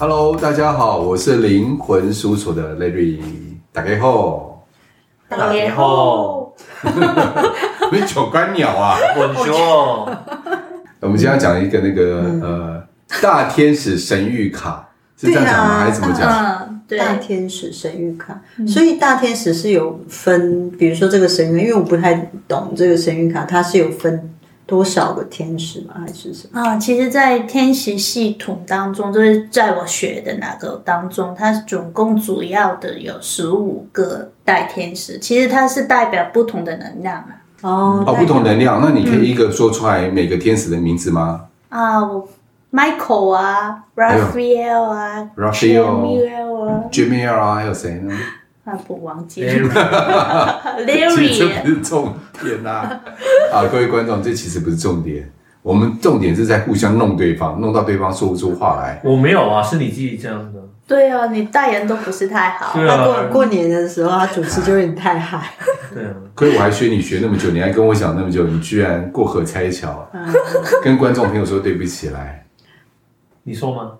Hello，大家好，我是靈魂事務所的 Lady 大家好，大家好，沒鳥關鳥啊，我說我們今天要講一個那個、嗯、呃大天使神諭卡是這樣講嗎？還是怎麼講？大天使神諭卡，所以大天使是有分，比如說這個神諭，因為我不太懂這個神諭卡，它是有分。多少個天使啊？還是什麼啊、哦？其實，在天使系統當中，就是在我學的那個當中，它總共主要的有十五個大天使。其實它是代表不同的能量啊。哦。啊表、哦，不同能量，那你可以一個說出來每個天使的名字嗎？嗯嗯嗯、啊我，Michael 啊，Raphael 啊，Raphael 啊 j a m i e 啊，還有誰呢？那不忘記。Leary arian。 其實不是重點啊。啊，各位觀眾，這其實不是重點，我們重點是在互相弄對方，弄到對方說不出話來。我沒有啊，是你自己這樣的。對啊，你代言都不是太好， 啊、過過年的時候，他主持就有點太嗨。 對啊，虧我還學你學那麼久，你還跟我講那麼久，你居然過河拆橋， 跟觀眾朋友說對不起來。你說嗎？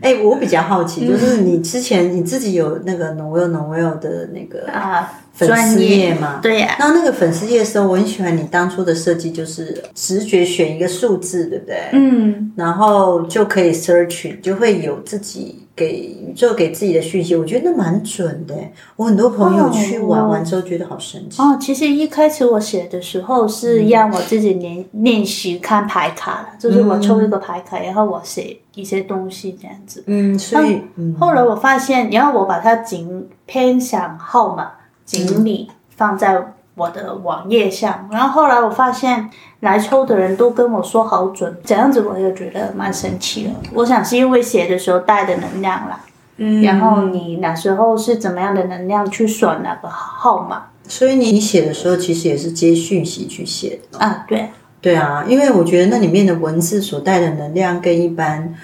哎，我比較好奇，就是你之前你自己有那個 Noelle Noelle 的那個啊粉絲頁嘛？啊、專業對呀、啊。那那個粉絲頁的時候，我很喜歡你當初的設計，就是直覺選一個數字，對不對？嗯。然後就可以 search，就會有自己。給就給自己的訊息，我覺得那蠻準的。我很多朋友去玩，oh, um. 玩之後，覺得好神奇。哦，其實一開始我寫的時候是讓我自己練練習看牌卡了，就是我抽一個牌卡，嗯、然後我寫一些東西這樣子。嗯，所以後、嗯、後來我發現，然後我把它僅偏向號碼僅你、嗯、放在。我的網頁上，然後後來我發現來抽的人都跟我說好準，這樣子我就覺得蠻神奇了。我想是因為寫的時候帶的能量啦。嗯，然後你那時候是怎麼樣的能量去選那個號碼？所以你你寫的時候其實也是接訊息去寫的啊？對，對啊，對啊，嗯，因為我覺得那裡面的文字所帶的能量跟一般。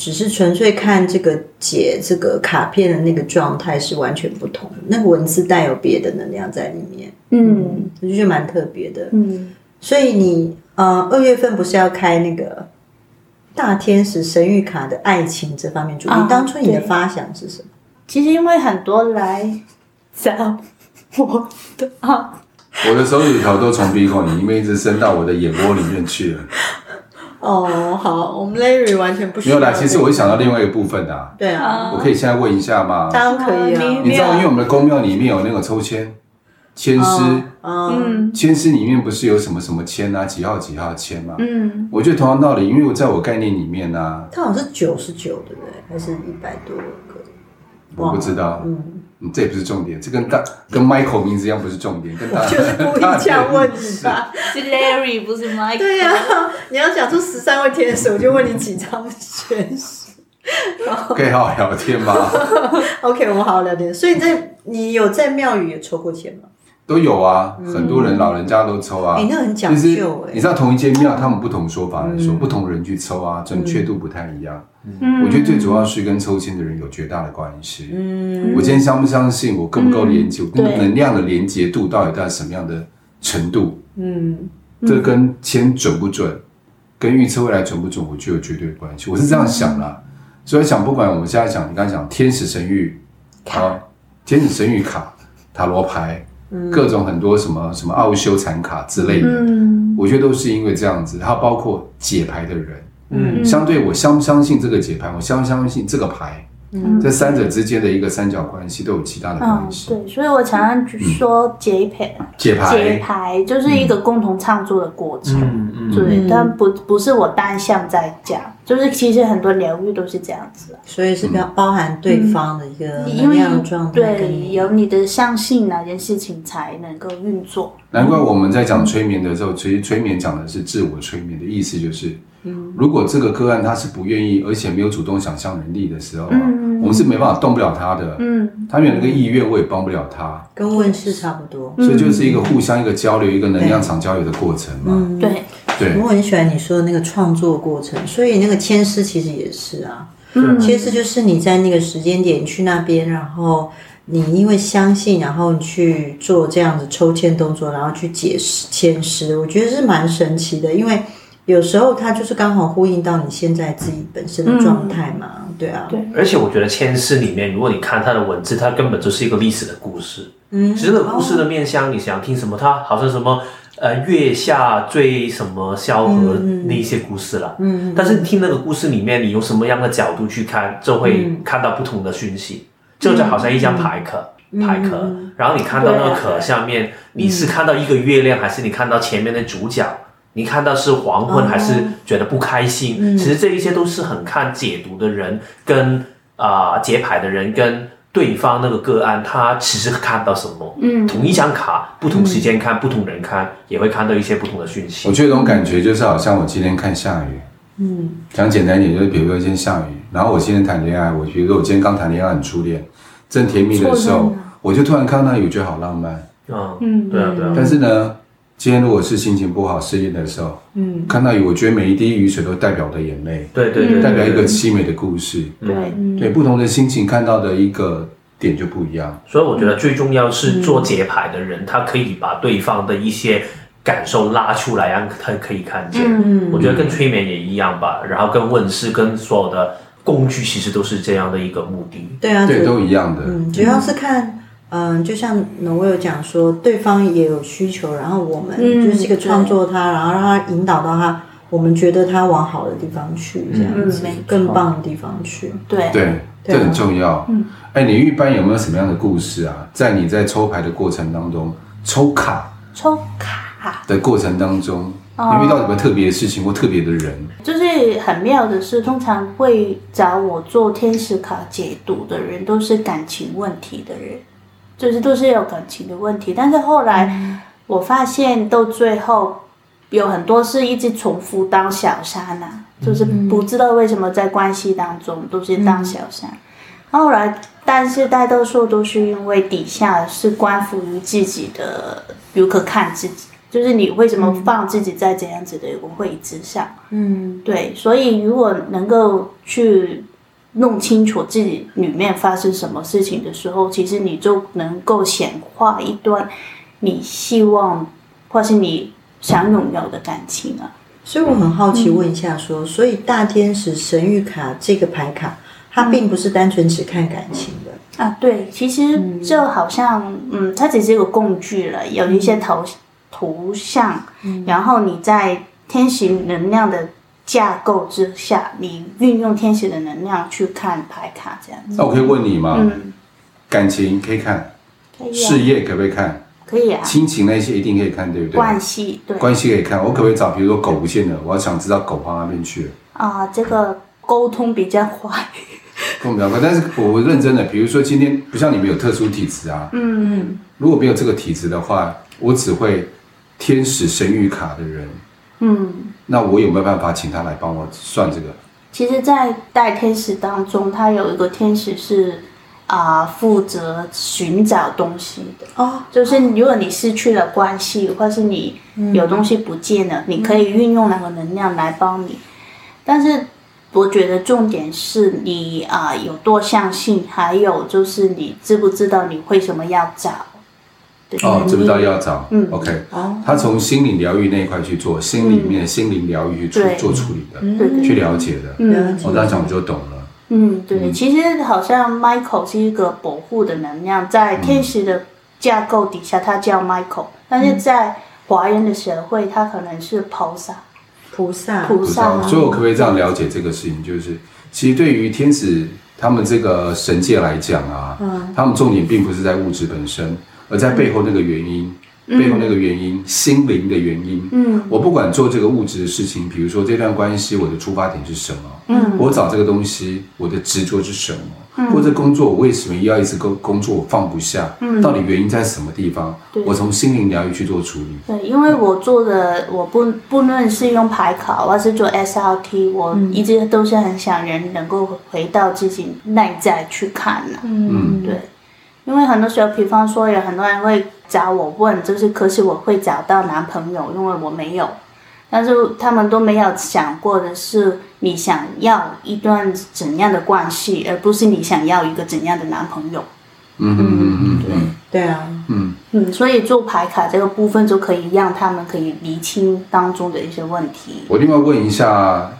只是純粹看這個解這個卡片的那個狀態是完全不同，那個文字帶有別的能量在裡面，嗯，嗯這就覺得蠻特別的，嗯。所以你呃，二月份不是要開那個大天使神諭卡的愛情這方面主題？啊、當初你的發想是什麼、啊？其實因為很多來找我的、啊，我的手指頭都從鼻孔裡面一直伸到我的眼窩裡面去了。哦，oh, 好，我們 Larry 完全不需要。沒有啦，其實我會想到另外一個部分的、啊，對啊，我可以現在問一下嗎？當然可以啊。你知道，因為我們的宮廟裡面有那個抽籤籤詩，嗯，oh, um, 籤詩裡面不是有什麼什麼籤啊，幾號幾號籤嘛。嗯，我覺得同樣道理，因為我在我概念裡面呢、啊，它好像是九十九對不對？還是一百多個？我不知道，嗯。這也不是重點，這跟大跟 Michael 名字一樣不是重點，跟大就是故意這樣問你吧。是 Larry 不是 Michael。對呀、啊，你要想出十三位天使，我就問你幾張天使。可以好好聊天嗎 ？OK，我們好好聊天。所以你在你有在廟宇也抽過籤嗎？都有啊，很多人老人家都抽啊。哎，那很講究哎。就是你知道同一間廟，他們不同說法來說，不同人去抽啊，準確度不太一樣。我覺得最主要是跟抽籤的人有絕大的關係。我今天相不相信，我夠不夠連結，那能量的連接度到底在什麼樣的程度？嗯，這跟籤準不準，跟預測未來準不準，我就有絕對關係。我是這樣想啦，所以想不管我們現在講，你剛講天使神諭，塔、天使神諭卡、塔羅牌。各種很多什麼什麼奧修禪卡之類的，嗯、我覺得都是因為這樣子。還有包括解牌的人，嗯，相對我相不相信這個解牌，我相不相信這個牌，嗯，這三者之間的一個三角關係都有其他的關係。嗯、對，所以我常常說解牌、嗯、解牌、解牌就是一個共同創作的過程。嗯嗯，對，嗯、但不不是我單向在講。就是其實很多療癒都是這樣子，所以是比較包含對方的一個能量狀態，嗯嗯。對，有你的相信，那件事情才能夠運作。難怪我們在講催眠的時候，其實，嗯、催眠講的是自我催眠的意思，就是，嗯、如果這個個案他是不願意，而且沒有主動想象能力的時候，嗯、我們是沒辦法動不了他的，嗯，他沒有那個意願，我也幫不了他，跟問事，差不多。嗯、所以就是一個互相一個交流，一個能量場交流的過程嘛。對。嗯，對。對我很喜歡你說的那個創作過程，所以那個籤詩其實也是啊。嗯是，籤詩就是你在那個時間點去那邊，然後你因為相信，然後去做這樣的抽籤動作，然後去解釋籤詩，我覺得是蠻神奇的。因為有時候它就是剛好呼應到你現在自己本身的狀態嘛。嗯、對啊，對。而且我覺得籤詩裡面，如果你看它的文字，它根本就是一個歷史的故事。嗯，只是的故事的面相，哦、你想聽什麼？它好像什麼。呃，月下最什麼蕭何那一些故事了，嗯嗯、但是你聽那個故事裡面，你用什麼樣的角度去看，就會看到不同的訊息。這、嗯、就好像一張牌卡，牌、嗯、卡，然後你看到那個卡下面，嗯、你是看到一個月亮，嗯、還是你看到前面的主角？嗯、你看到是黃昏，還是覺得不開心？嗯、其實這一些都是很看解讀的人跟啊，解、呃、牌的人跟。對方那個個案，他其實看到什麼？嗯，同一張卡，不同時間看，嗯、不同人看，也會看到一些不同的訊息。我覺得這種感覺就是好像我今天看下雨，嗯，講簡單一點，就是比如說今天下雨，然後我今天談戀愛，我覺得我今天剛談戀愛，很初戀，正甜蜜的時候，了我就突然看到雨，我覺得好浪漫。嗯，對啊，對啊。但是呢。今天如果是心情不好，失戀的時候，嗯，看到雨，我覺得每一滴雨水都代表的眼淚。對對對，代表一個淒美的故事，對，對不同的心情看到的一個點就不一樣。所以我覺得最重要是做解牌的人，他可以把對方的一些感受拉出來，讓他可以看見。嗯，我覺得跟催眠也一樣吧，然後跟問事跟所有的工具其實都是這樣的一個目的。對啊，對，都一樣的。嗯，主要是看。嗯，就像 Noelle 有講說，對方也有需求，然後我們就是一個創作他，嗯、然後讓他引導到他，我們覺得他往好的地方去這樣子，嗯、更棒的地方去。對對，對嗎這很重要。嗯。哎、欸，你一般有沒有什麼樣的故事啊？在你在抽牌的過程當中，抽卡抽卡的過程當中，卡你遇到什麼特別的事情、嗯、或特別的人？就是很妙的是，通常會找我做天使卡解讀的人，都是感情問題的人。就是都是有感情的問題，但是後來我發現到最後，有很多是一直重複當小三吶、啊，就是不知道為什麼在關係當中都是當小三。嗯、後來，但是大多數都是因為底下是關乎於自己的如何看自己，就是你為什麼放自己在這樣子的一個位置上？嗯，對，所以如果能夠去。弄清楚自己裡面發生什麼事情的時候，其實你就能夠顯化一段你希望或是你想擁有、有的感情了、啊。所以我很好奇問一下，說，嗯、所以大天使神諭卡這個牌卡，它並不是單純只看感情的、嗯、啊？對，其實就好像，嗯，它只是一個工具啦，有一些圖圖像，然後你在天使能量的。架構之下，你運用天使的能量去看牌卡，這樣。那我可以問你嗎？嗯，感情可以看，可以、啊。事業可不可以看？可以啊。以啊親情那些一定可以看，對不對？關係對，關係可以看。我可不可以找？比如說狗不見的，對我要想知道狗跑哪邊去啊？這個溝通比較快，溝 比較快。但是我認真的，比如說今天不像你們有特殊體質啊。嗯,嗯。如果沒有這個體質的話，我只會天使神諭卡的人。嗯，那我有沒有辦法請他來幫我算這個？其實，在大天使當中，他有一個天使是，啊、呃，負責尋找東西的。哦，就是如果你失去了關係，或是你有東西不見了，嗯、你可以運用那個能量來幫你。嗯、但是，我覺得重點是你啊、呃、有多相信，還有就是你知不知道你為什麼要找。對，哦，知不知道要找？嗯，OK，他從心理療癒那一塊去做，心裡面心靈療癒去做處理的，去了解的，嗯，我這樣講我就懂了。嗯，對，其實好像 Michael 是一個保護的能量，在天使的架構底下，他叫 Michael，但是在華人的社會，他可能是菩薩、菩薩、菩薩。所以我可不可以這樣了解這個事情？就是其實對於天使他們這個神界來講啊，嗯，他們重點並不是在物質本身。而在背後那個原因，背後那個原因，心靈的原因。嗯，我不管做這個物質的事情，比如說這段關係，我的出發點是什麼？嗯，我找這個東西，我的執着是什麼？或者工作，我為什麼要一直工工作，我放不下？嗯，到底原因在什麼地方？我從心靈療癒去做處理。對，因為我做的，我不不論是用牌卡，還是做 SRT，我一直都是很想人能夠回到自己內在去看了。嗯，對。因為很多時候，比方說有很多人會找我問，就是可是我會找到男朋友，因為我沒有。但是他們都沒有想過的是，你想要一段怎樣的關係，而不是你想要一個怎樣的男朋友。嗯嗯嗯嗯，嗯嗯嗯對對啊，嗯嗯，所以做牌卡這個部分就可以讓他們可以理清當中的一些問題。我另外問一下，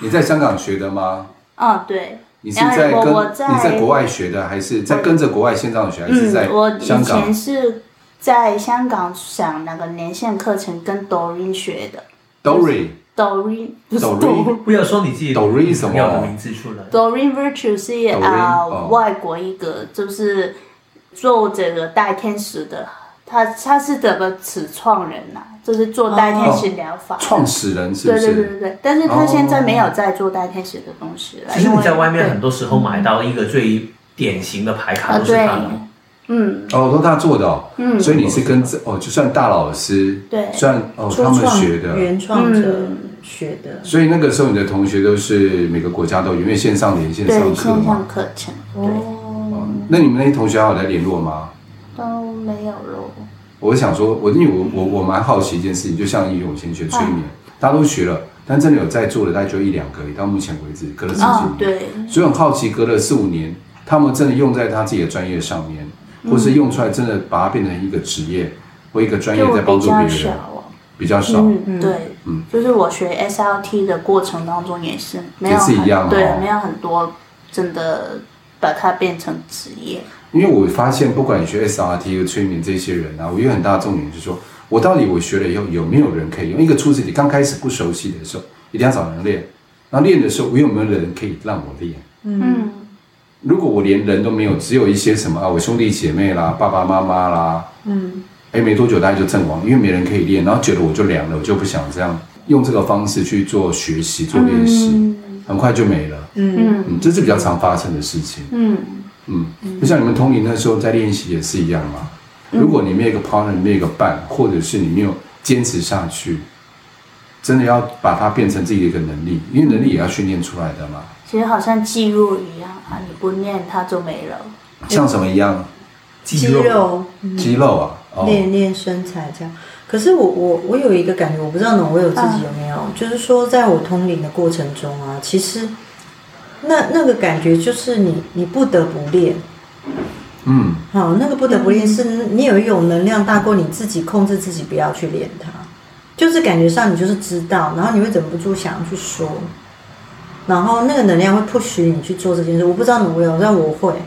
你在香港學的嗎？啊、哦，對。你是在跟、啊、我在你在國外學的，還是在跟着國外線上學，嗯、還是在香港？我以前是在香港上那個連線課程，跟 Doreen 學的。Doreen，Doreen，Doreen，不要說你自己 Doreen 是什麼名字出來。Doreen Virtue 是啊，外國一個就是做這個大天使的。他他是怎麼始創人吶？就是做大天使療法。創始人是不是？對對對對，但是他現在沒有在做大天使的東西。其實你在外面很多時候買到一個最典型的牌卡都是他的。嗯。哦，都他做的哦。嗯。所以你是跟這哦，就算大老師，算哦他們學的原創者學的。所以那個時候你的同學都是每個國家都有，因為線上連線上課嘛。線上課程。哦。那你們那些同學還有在聯絡嗎？都沒有了，嗯，我想說，我因為我我我蠻好奇一件事情，就像以前先學催眠，啊，大家都學了，但真的有在做的大概就一兩個而已。到目前為止，隔了，四五年，哦，對，所以很好奇，隔了四五年，他們真的用在他自己的專業上面，嗯，或是用出來真的把它變成一個職業或一個專業在幫助別人，比較，哦，比較少，嗯，嗯對，嗯，就是我學 S L T 的過程當中也是沒有，也是一樣哦，對，沒有很多真的把它變成職業。因為我發現，不管你學 SRT 或催眠這些人啊，我有很大的重點就是說，我到底我學了以後有沒有人可以用？一個初自己剛開始不熟悉的時候，一定要找人練。那練的時候，我有沒有人可以讓我練？嗯，如果我連人都沒有，只有一些什麼啊，我兄弟姐妹啦、爸爸媽媽啦，嗯誒，沒多久大家就陣亡，因為沒人可以練，然後覺得我就涼了，我就不想這樣用這個方式去做學習、做練習，嗯、很快就沒了。嗯嗯，這是比較常發生的事情。嗯。嗯，就像你們通靈的時候在練習也是一樣嘛。嗯、如果你沒有一個 partner，沒有一個伴，或者是你沒有堅持下去，真的要把它變成自己的一個能力，因為能力也要訓練出來的嘛。其實好像肌肉一樣啊，嗯、你不練它就沒了。像什麼一樣？肌肉，肌肉啊，練練身材這樣。可是我我我有一個感覺，我不知道我有自己有沒有，啊、就是說在我通靈的過程中啊，其實。那那個感覺就是你，你不得不練，嗯，好，那個不得不練是，你有一種能量大過你自己控制自己不要去練它，就是感覺上你就是知道，然後你會忍不住想要去說，然後那個能量會迫使你去做這件事。我不知道你有沒有，但我，我會，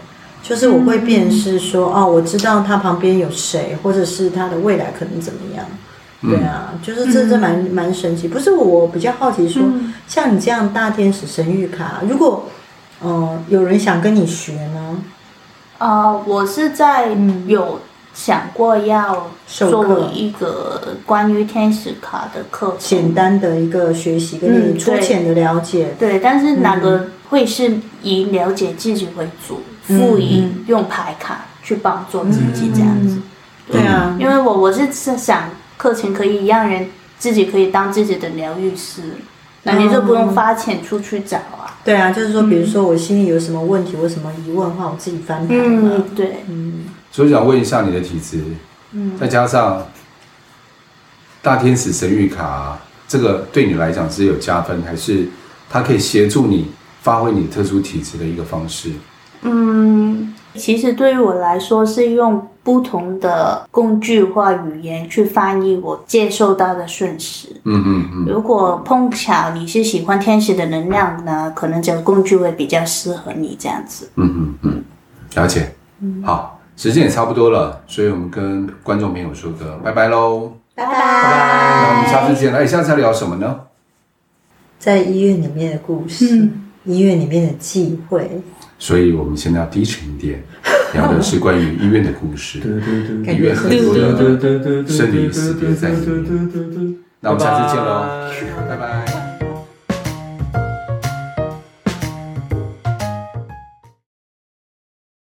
就是我會辨識說，哦，我知道他旁邊有誰，或者是他的未來可能怎麼樣。嗯、對啊，就是這這蠻、嗯、蠻神奇。不是我比較好奇說，說、嗯、像你這樣大天使神諭卡，如果、呃、有人想跟你學呢？啊、呃，我是在有想過要做一個關於天使卡的課程，簡單的一個學習跟粗淺的了解、嗯對。對，但是哪個會是以了解自己為主，輔以、嗯嗯、用牌卡去幫助自己、嗯、這樣子？嗯、對啊，因為我我是是想。課程可以讓人自己可以當自己的療癒師，那你就不用發錢出去找啊。對啊、嗯，就是說，比如說我心裡有什麼問題、我什麼疑問的話，我自己翻牌了、嗯、對，嗯。所以想問一下你的體質，嗯，再加上大天使神諭卡，這個對你來講是有加分，還是它可以協助你發揮你特殊體質的一個方式？嗯，其實對於我來說是用。不同的工具化、語言去翻譯我接受到的訊息，嗯。嗯嗯嗯。如果碰巧你是喜歡天使的能量呢，嗯、可能這個工具會比較適合你這樣子。嗯嗯嗯，了解。嗯、好，時間也差不多了，所以我們跟觀眾朋友說個拜拜嘍。拜拜。拜拜 bye。Bye bye，那我們下次見。哎，下次要聊什麼呢？在醫院裡面的故事。嗯、醫院裡面的忌諱。所以我們現在要低沉一點。 講的是關於醫院的故事，醫院很多的生離死別在裡面 那我們下次見嘍，拜拜。拜拜。